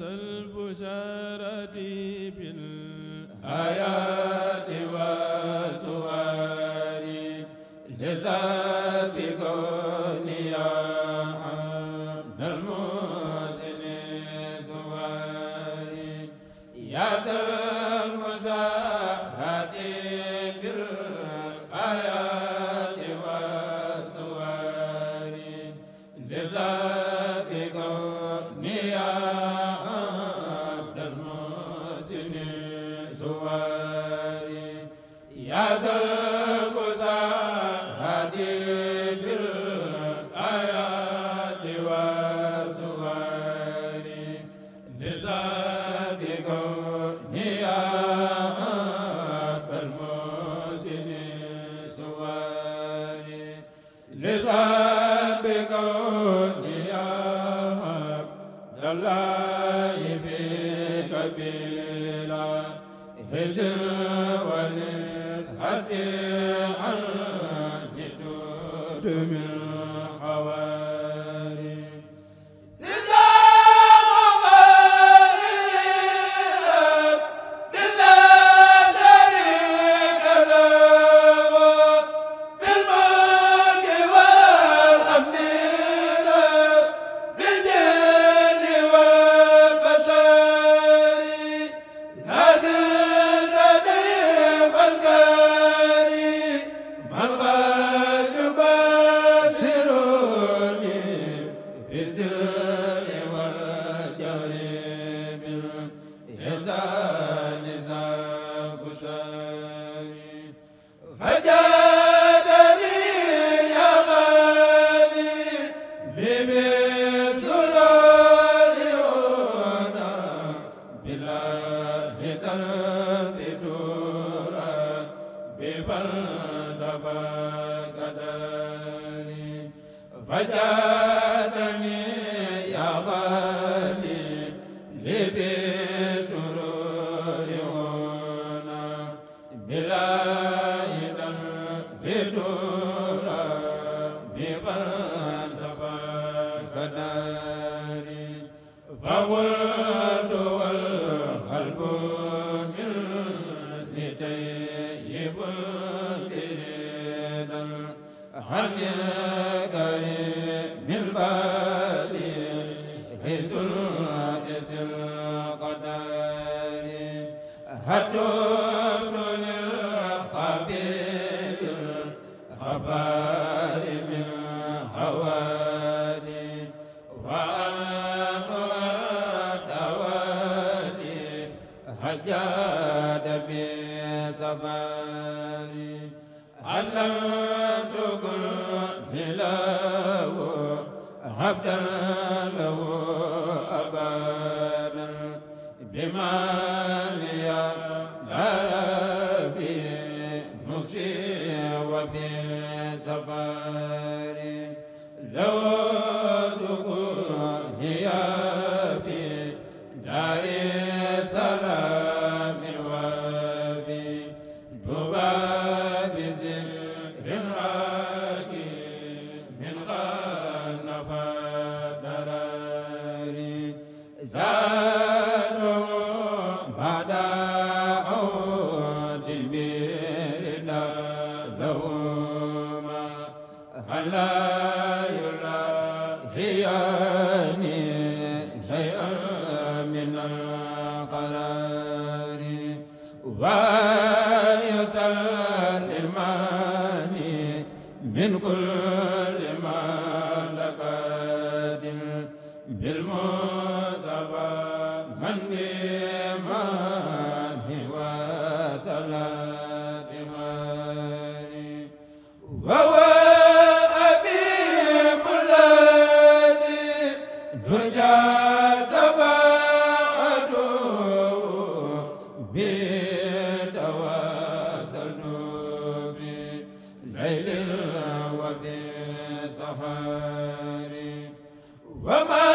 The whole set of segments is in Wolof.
ذا البشارة بالحياة Fajar المشي وفي سفر لو min kul wa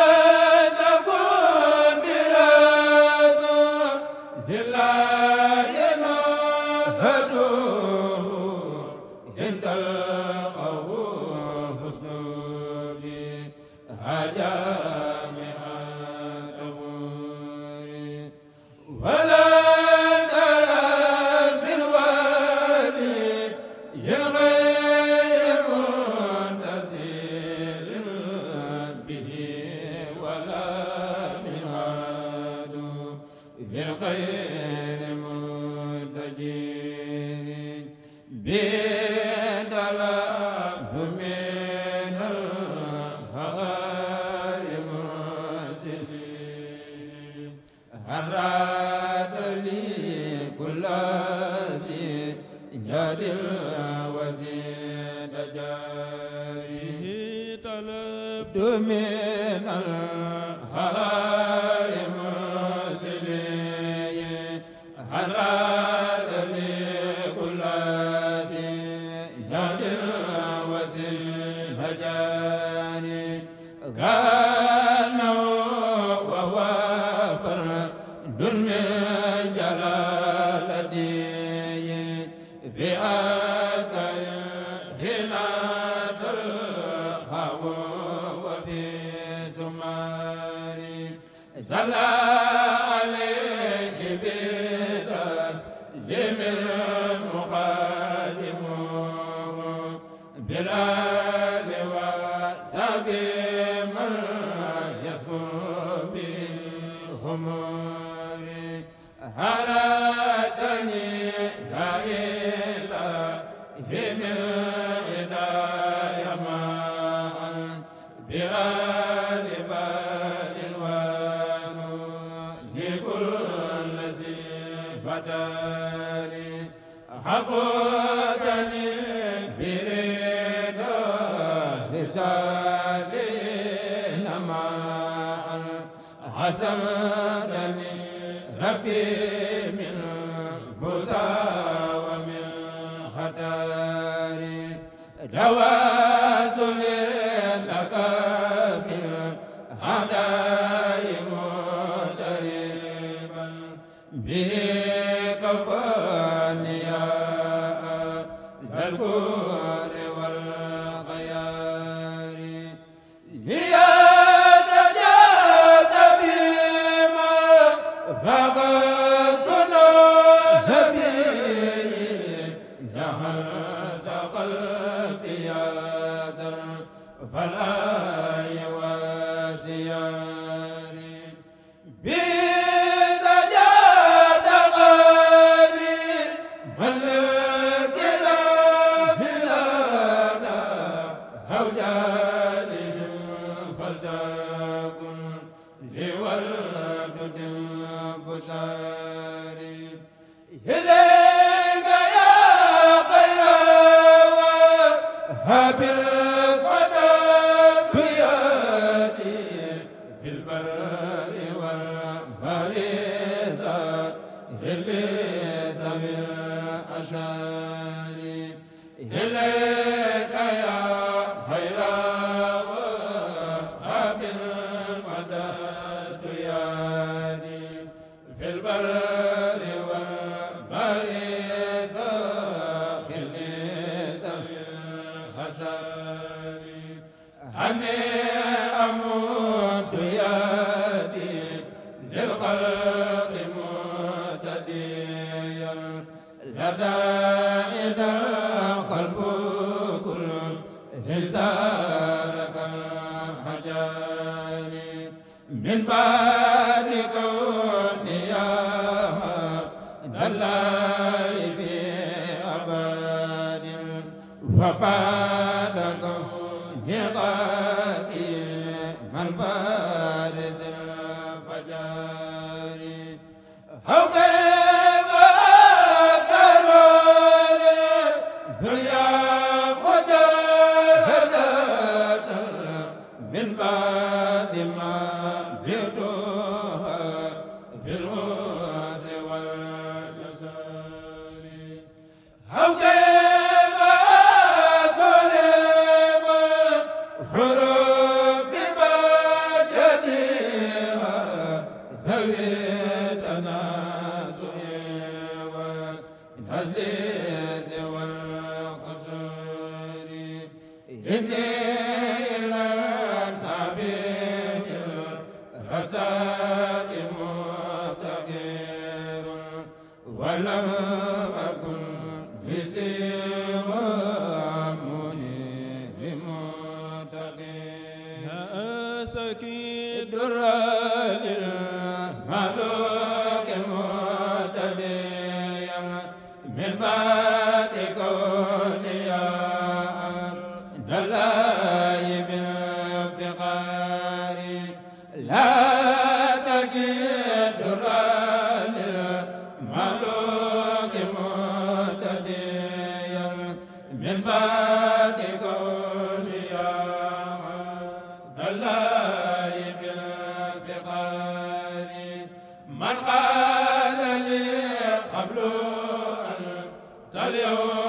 حسبتني ربي Hello min ba min ba man qala li qablu an talyaw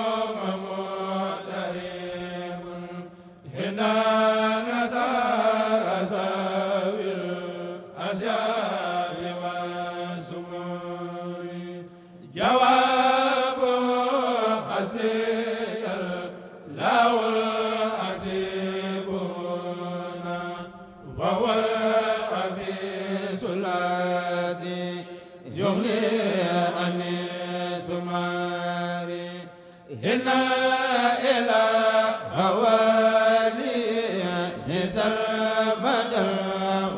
سرمدا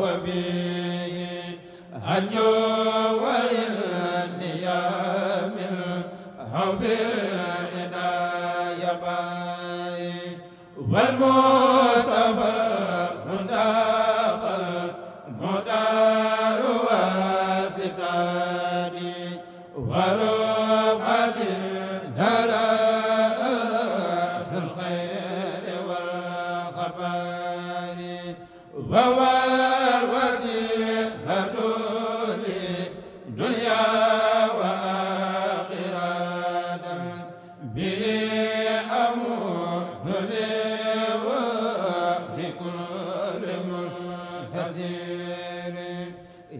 وبه أن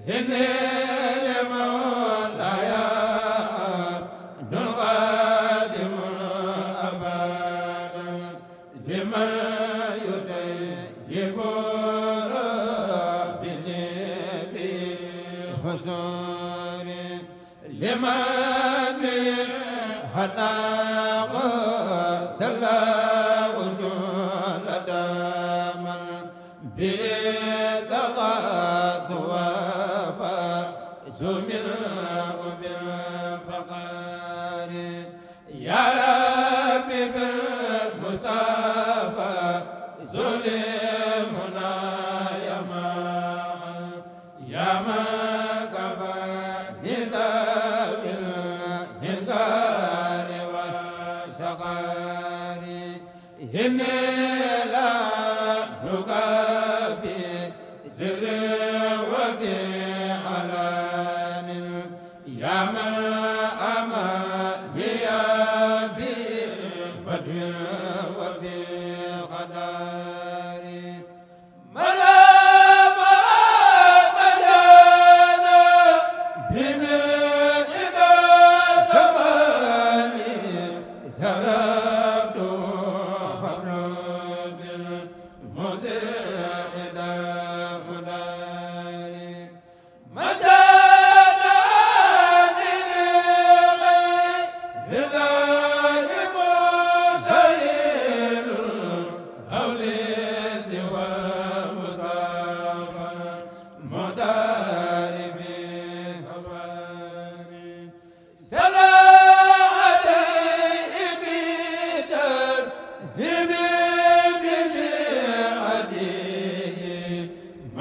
Amen زمرا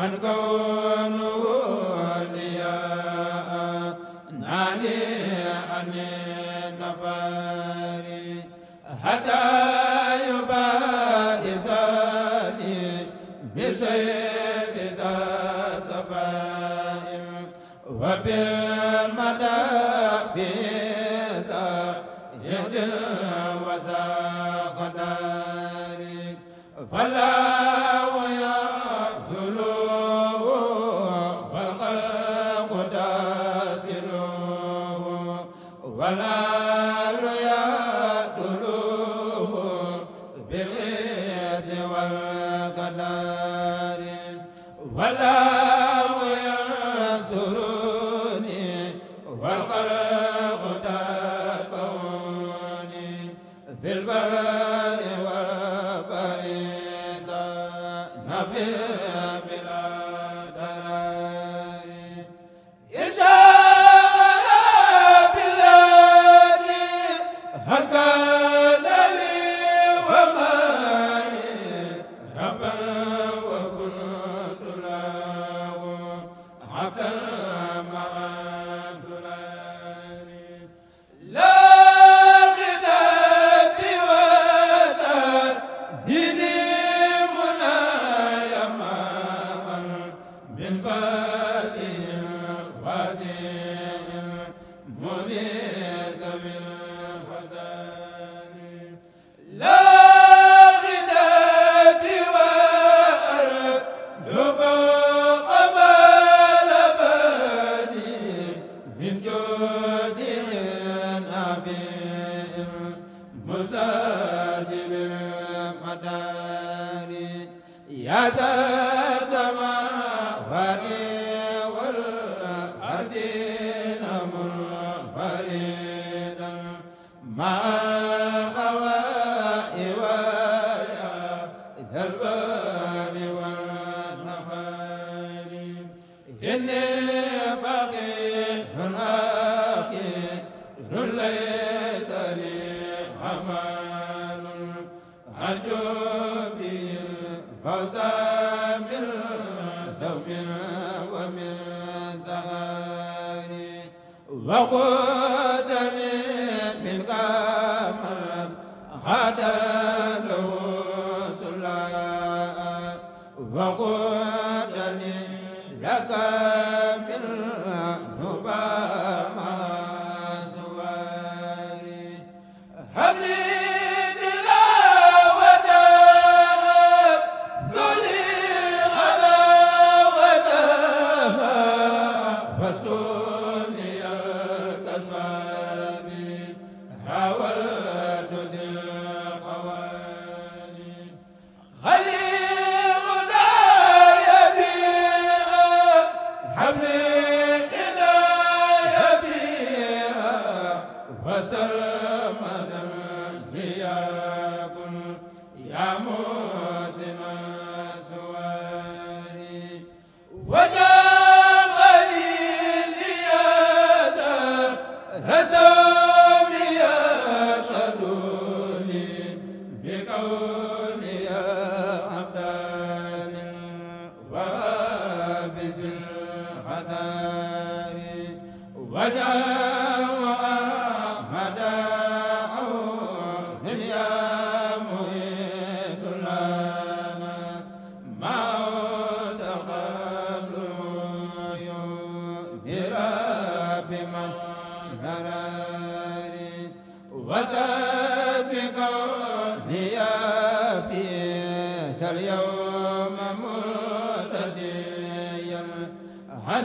man ko wala المدار يا وقودني بالقمر غدا masar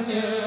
ne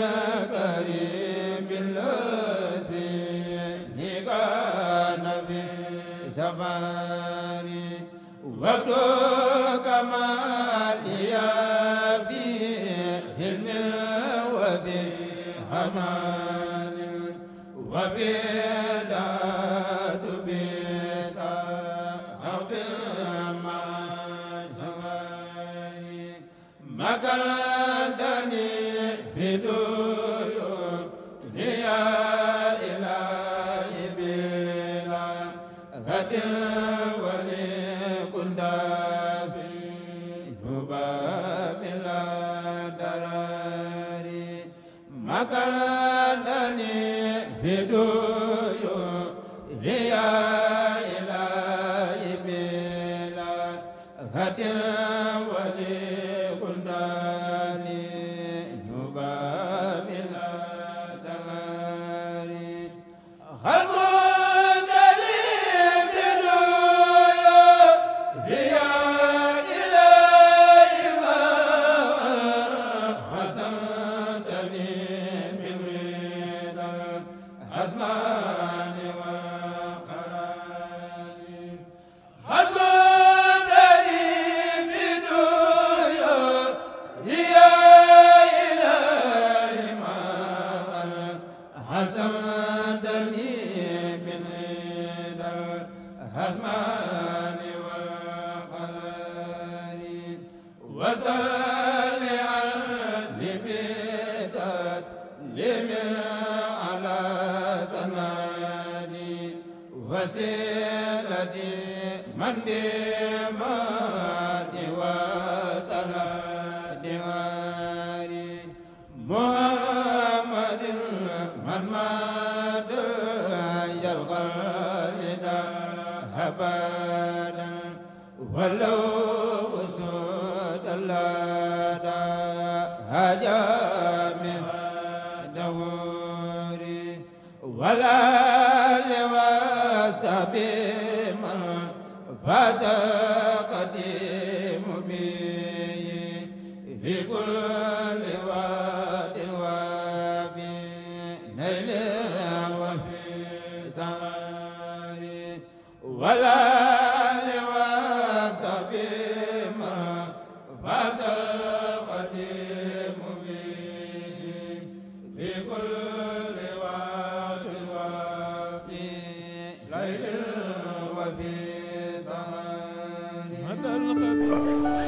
wa بمن فاز